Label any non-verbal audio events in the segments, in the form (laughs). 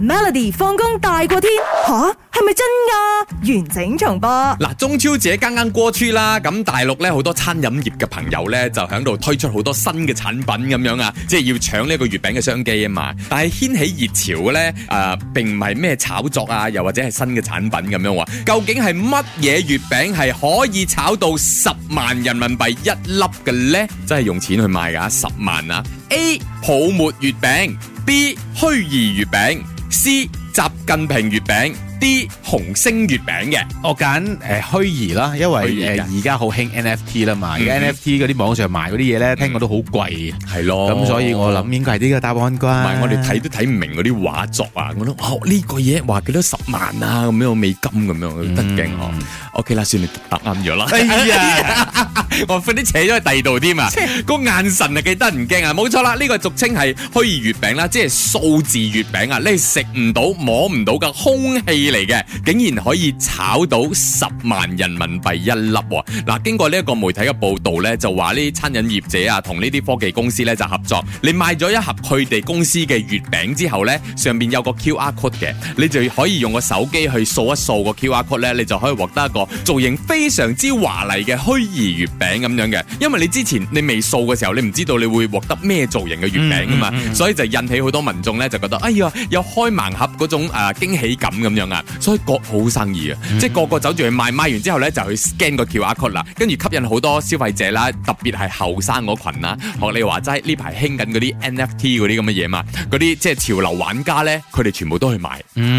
Melody 放工大過天吓，係咪真噶？完整重播嗱，中秋節啱啱過去啦。咁大陸咧好多餐飲業嘅朋友咧就喺度推出好多新嘅產品咁樣啊，即係要搶呢個月餅嘅商機啊嘛。但係掀起熱潮咧誒、呃，並唔係咩炒作啊，又或者係新嘅產品咁樣話。究竟係乜嘢月餅係可以炒到十萬人民幣一粒嘅咧？真係用錢去賣噶，十萬啊！A 泡沫月餅，B 虛擬月餅。C 習近平月餅，D 紅星月餅嘅，我揀誒虛擬啦，因為誒而家好興 NFT 啦嘛，而家 NFT 嗰啲網上賣嗰啲嘢咧，嗯、聽講都好貴，係咯，咁所以我諗應該係呢個答案啩。唔係我哋睇都睇唔明嗰啲畫作啊，我都哦呢、呢個嘢話幾多十萬啊，咁樣美金咁樣，我都勁哦。嗯、OK 啦，算你答啱咗啦。哎呀 (laughs) 我快啲扯咗去第二度添啊！個眼神啊記得唔驚啊！冇錯啦，呢個俗稱係虛擬月餅啦，即係數字月餅啊！你係食唔到摸唔到嘅空氣嚟嘅，竟然可以炒到十萬人民幣一粒喎！嗱，經過呢一個媒體嘅報導呢，就話呢啲餐飲業者啊，同呢啲科技公司呢就合作，你買咗一盒佢哋公司嘅月餅之後呢，上面有個 QR code 嘅，你就可以用個手機去掃一掃個 QR code 呢，你就可以獲得一個造型非常之華麗嘅虛擬月餅。餅咁樣嘅，因為你之前你未掃嘅時候，你唔知道你會獲得咩造型嘅月餅噶嘛，嗯嗯、所以就引起好多民眾咧就覺得，哎呀有開盲盒嗰種誒、啊、驚喜感咁樣啊，所以各個好生意啊，嗯、即係個個走住去賣，賣完之後咧就去 scan 個 QR code 啦，跟住吸引好多消費者啦，特別係後生嗰群啊，學你話齋呢排興緊嗰啲 NFT 嗰啲咁嘅嘢嘛，嗰啲即係潮流玩家咧，佢哋全部都去買，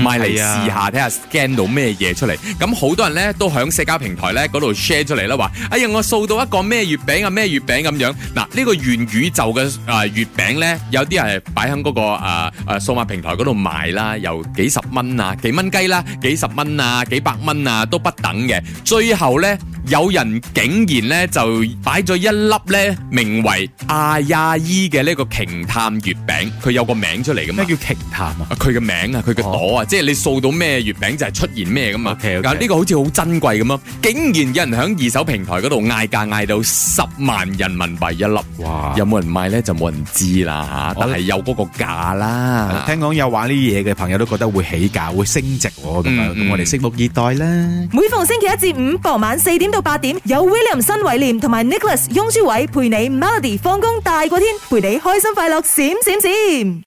買嚟試下睇下 scan 到咩嘢出嚟，咁好多人咧都響社交平台咧嗰度 share 出嚟啦，話哎呀我掃到。不過咩月餅啊，咩月餅咁、啊、樣，嗱、這、呢個元宇宙嘅誒、呃、月餅咧，有啲人擺喺嗰個誒。呃誒，數碼、啊、平台嗰度賣啦，由幾十蚊啊，幾蚊雞啦，幾十蚊啊，幾百蚊啊，都不等嘅。最後咧，有人竟然咧就擺咗一粒咧，名為阿亞依嘅呢個鯨探月餅，佢有個名出嚟噶嘛？咩叫鯨探啊？佢嘅名啊，佢嘅朵啊，oh. 即係你掃到咩月餅就係出現咩噶啊。但呢 Okay, okay. 個好似好珍貴咁咯，竟然有人響二手平台嗰度嗌價嗌到十萬人民幣一粒。哇！有冇人賣咧？就冇人知啦吓，但係有嗰個價啦。聽講有玩呢嘢嘅朋友都覺得會起價，會升值，咁、嗯嗯、我哋拭目以待啦。每逢星期一至五傍晚四點到八點，有 William 新偉廉同埋 Nicholas 庸舒偉陪你 Melody 放工大過天，陪你開心快樂閃閃閃。閃閃閃